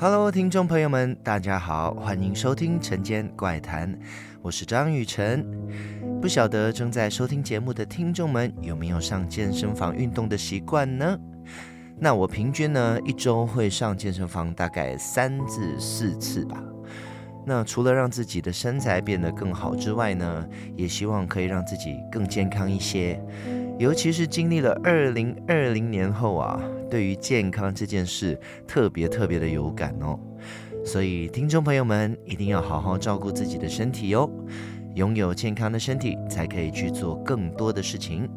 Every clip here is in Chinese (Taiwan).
Hello，聽眾朋友們，大家好，歡迎收聽《辰間怪談》，我是張雨晨。不曉得正在收聽節目的聽眾們有沒有上健身房運動的習慣呢？那我平均呢，一周會上健身房大概三至四次吧。那除了讓自己的身材變得更好之外呢，也希望可以讓自己更健康一些。尤其是經歷了二零二零年後啊，對於健康這件事特別特別的有感哦。所以聽眾朋友們一定要好好照顧自己的身體哦，擁有健康的身體才可以去做更多的事情。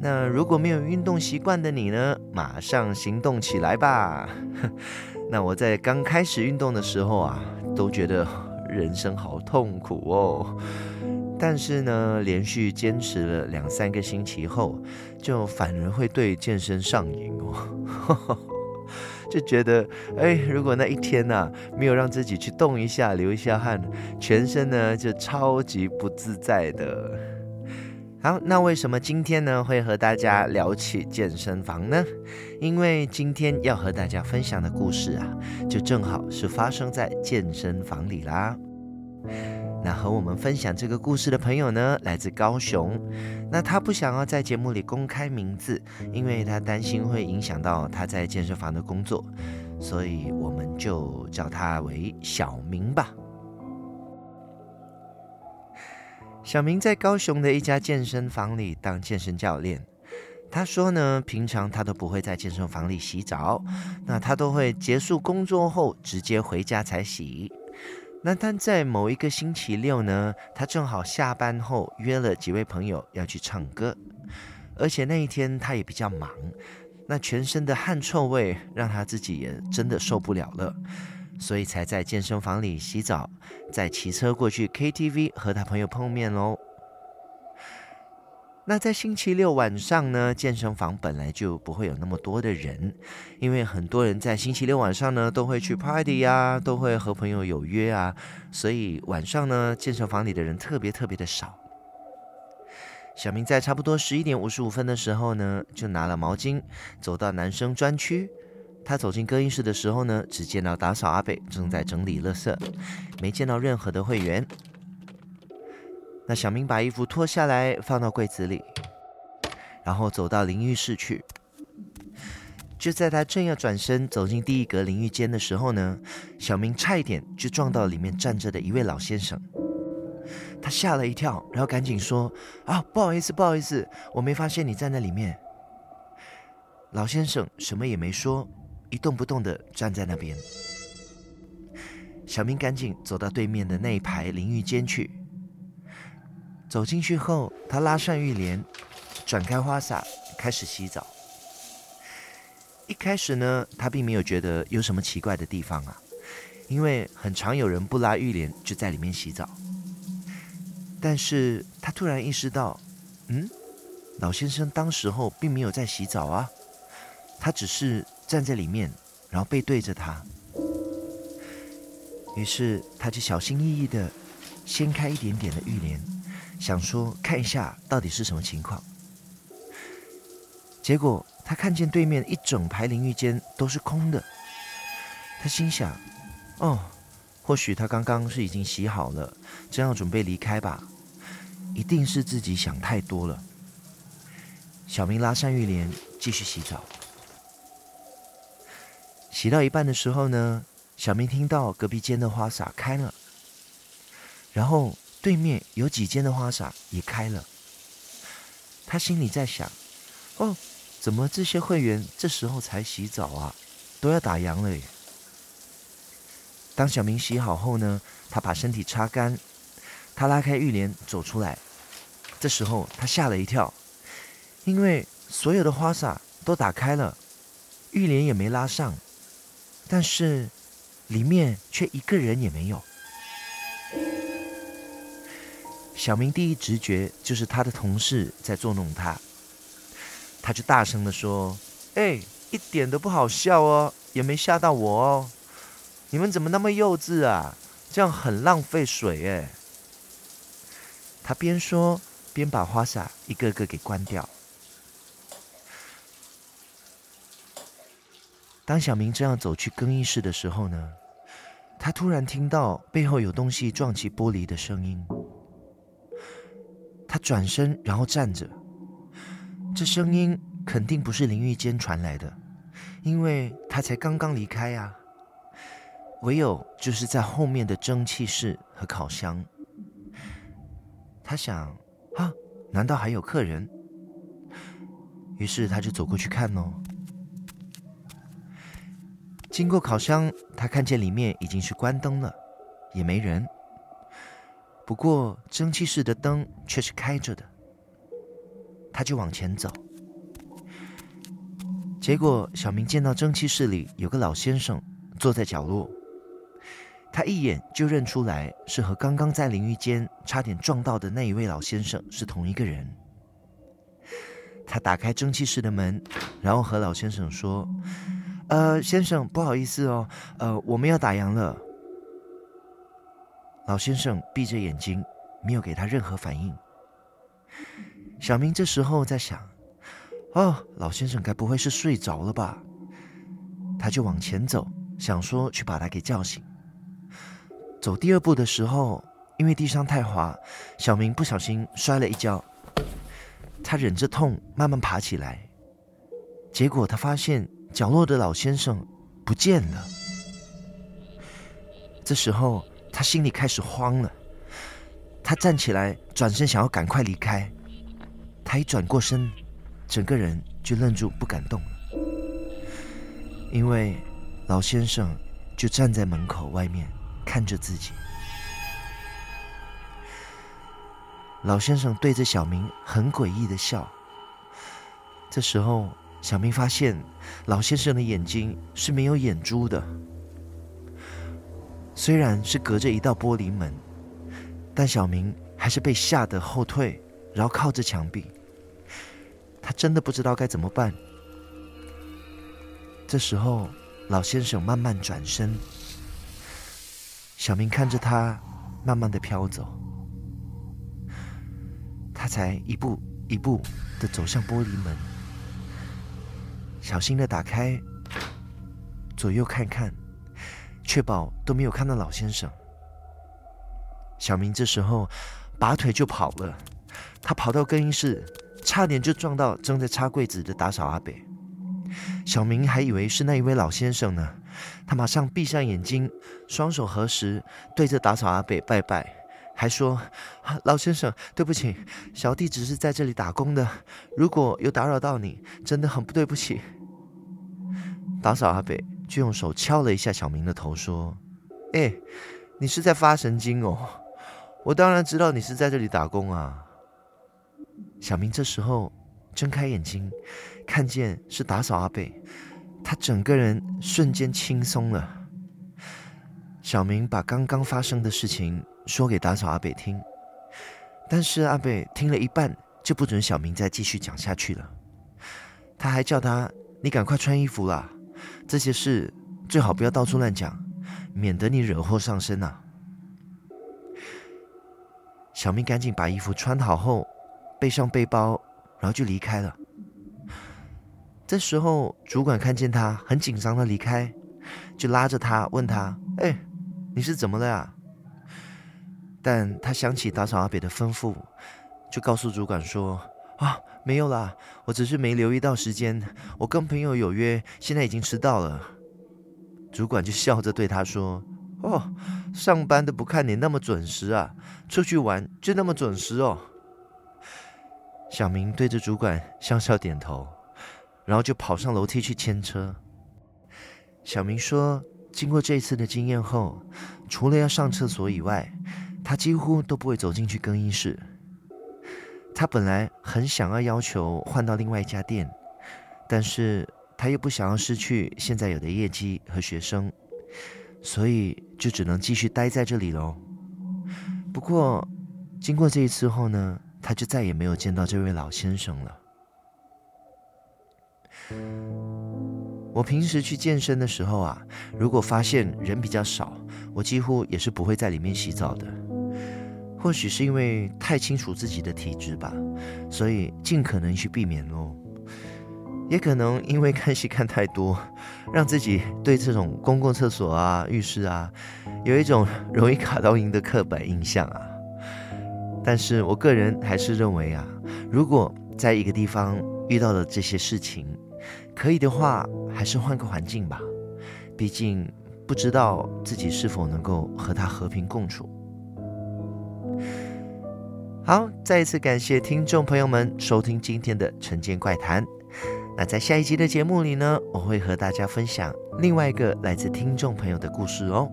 那如果沒有運動習慣的你呢，馬上行動起來吧。那我在剛開始運動的時候啊，都覺得人生好痛苦哦。但是呢，連續堅持了兩三個星期後，就反而會對健身上癮哦， 就覺得哎、欸，如果那一天啊，沒有讓自己去動一下、流一下汗，全身呢就超級不自在的。好，那為什麼今天呢會和大家聊起健身房呢？因為今天要和大家分享的故事啊，就正好是發生在健身房裡啦。那和我們分享這個故事的朋友呢，來自高雄。那他不想要在節目裡公開名字，因為他擔心會影響到他在健身房的工作，所以我們就叫他為小明吧。小明在高雄的一家健身房裡當健身教練。他說呢，平常他都不會在健身房裡洗澡，那他都會結束工作後直接回家才洗。那但在某一個星期六呢，他正好下班後約了幾位朋友要去唱歌，而且那一天他也比較忙，那全身的汗臭味讓他自己也真的受不了了，所以才在健身房裡洗澡，再騎車過去 KTV 和他朋友碰面嘍。那在星期六晚上呢，健身房本來就不會有那麼多的人，因為很多人在星期六晚上呢都會去 party 啊，都會和朋友有約啊，所以晚上呢健身房裡的人特別特別的少。小明在差不多十一點五十五分的時候呢，就拿了毛巾走到男生專區。他走進更衣室的時候呢，只見到打掃阿北正在整理垃圾，沒見到任何的會員。那小明把衣服脫下來放到櫃子裡，然後走到淋浴室去。就在他正要轉身走進第一格淋浴間的時候呢，小明差一點就撞到裡面站着的一位老先生。他嚇了一跳，然後趕緊說：“啊，不好意思，不好意思，我沒發現你站在那裡面。”老先生什麼也沒說，一動不動地站在那邊。小明趕緊走到對面的那一排淋浴間去。走進去後，他拉上浴簾，轉開花灑，開始洗澡。一開始呢，他並沒有覺得有什麼奇怪的地方啊，因為很常有人不拉浴簾就在裡面洗澡。但是他突然意識到，嗯，老先生當時候並沒有在洗澡啊，他只是站在裡面，然後背對着他。於是他就小心翼翼地掀開一點點的浴簾。想說看一下到底是什麼情況，結果他看見對面一整排淋浴間都是空的，他心想：“哦，或許他剛剛是已經洗好了，正要準備離開吧，一定是自己想太多了。”小明拉上浴簾繼續洗澡，洗到一半的時候呢，小明聽到隔壁間的花灑開了，然後。對面有幾間的花灑也開了，他心裡在想：哦，怎麼這些會員這時候才洗澡啊？都要打烊了耶。當小明洗好後呢，他把身體擦乾，他拉開浴簾走出來。這時候他嚇了一跳，因為所有的花灑都打開了，浴簾也沒拉上，但是裡面卻一個人也沒有。小明第一直覺就是他的同事在捉弄他，他就大聲地說：“哎，一點都不好笑哦，也沒嚇到我哦，你們怎麼那麼幼稚啊？這樣很浪費水哎。”他邊說邊把花灑一個個給關掉。當小明正要走去更衣室的時候呢，他突然聽到背後有東西撞擊玻璃的聲音。他轉身，然後站着。這聲音肯定不是淋浴間傳來的，因為他才剛剛離開呀、啊。唯有就是在後面的蒸汽室和烤箱。他想啊，難道還有客人？於是他就走過去看哦。經過烤箱，他看見裡面已經是關燈了，也沒人。不過蒸汽室的燈卻是開着的，他就往前走。結果小明見到蒸汽室裡有個老先生坐在角落，他一眼就認出來是和剛剛在淋浴間差點撞到的那一位老先生是同一個人。他打開蒸汽室的門，然後和老先生說：“呃，先生，不好意思哦，呃，我們要打烊了。”老先生閉着眼睛，沒有給他任何反應。小明這時候在想：“哦，老先生該不會是睡着了吧？”他就往前走，想說去把他給叫醒。走第二步的時候，因為地上太滑，小明不小心摔了一跤。他忍着痛慢慢爬起來，結果他發現角落的老先生不見了。這時候……他心裡開始慌了，他站起來，轉身想要趕快離開。他一轉過身，整個人就愣住，不敢動了。因為老先生就站在門口外面看着自己。老先生對着小明很詭異的笑。這時候，小明發現老先生的眼睛是沒有眼珠的。雖然是隔着一道玻璃門，但小明還是被嚇得後退，然後靠着牆壁。他真的不知道該怎麼辦。這時候，老先生慢慢轉身，小明看着他慢慢的飄走。他才一步一步的走向玻璃門，小心的打開，左右看看。確保都沒有看到老先生。小明這時候拔腿就跑了，他跑到更衣室，差點就撞到正在擦櫃子的打掃阿北。小明還以為是那一位老先生呢，他馬上閉上眼睛，雙手合十，對着打掃阿北拜拜，還說，啊：“老先生，對不起，小弟只是在這裡打工的，如果有打擾到你，真的很不對不起。”打掃阿北，就用手敲了一下小明的頭，說：“哎、欸，你是在發神經哦！我當然知道你是在這裡打工啊。”小明這時候睜開眼睛，看見是打掃阿伯，他整個人瞬間輕鬆了。小明把剛剛發生的事情說給打掃阿伯聽，但是阿伯聽了一半就不准小明再繼續講下去了，他還叫他：“你趕快穿衣服啦！”這些事最好不要到處亂講，免得你惹禍上身吶、啊。小明趕緊把衣服穿好後，背上背包，然後就離開了。這時候主管看見他很緊張的離開，就拉着他問他：“哎，你是怎麼了呀、啊？”但他想起打掃阿北的吩咐，就告訴主管說。啊、哦，沒有啦，我只是沒留意到時間。我跟朋友有約，現在已經遲到了。主管就笑着對他說：“哦，上班都不看你那麼準時啊，出去玩就那麼準時哦。”小明對着主管笑笑點頭，然後就跑上樓梯去牽車。小明說：“經過這次的經驗後，除了要上廁所以外，他幾乎都不會走進去更衣室。”他本來很想要要求換到另外一家店，但是他又不想要失去現在有的業績和學生，所以就只能繼續待在這裡嘍。不過，經過這一次後呢，他就再也沒有見到這位老先生了。我平時去健身的時候啊，如果發現人比較少，我幾乎也是不會在裡面洗澡的。或許是因為太清楚自己的體質吧，所以盡可能去避免哦，也可能因為看戲看太多，讓自己對這種公共廁所啊、浴室啊，有一種容易卡到陰的刻板印象啊。但是，我個人還是認為啊，如果在一個地方遇到了這些事情，可以的話，還是換個環境吧。畢竟，不知道自己是否能夠和它和平共處。好，再一次感謝聽眾朋友們收聽今天的《辰間怪談》。那在下一集的節目裡呢，我會和大家分享另外一個來自聽眾朋友的故事哦。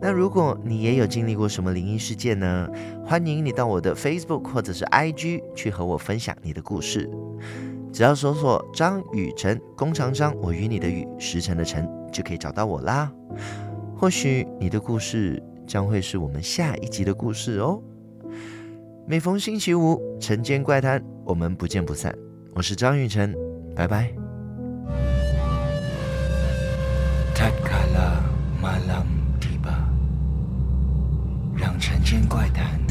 那如果你也有經歷過什麼靈異事件呢？歡迎你到我的 Facebook 或者是 IG 去和我分享你的故事。只要搜索“張雨辰，弓長張”，我與你的雨，時辰的辰，就可以找到我啦。或許你的故事將會是我們下一集的故事哦。每逢星期五，晨間怪談，我們不見不散。我是張雨晨，拜拜。讓晨間怪談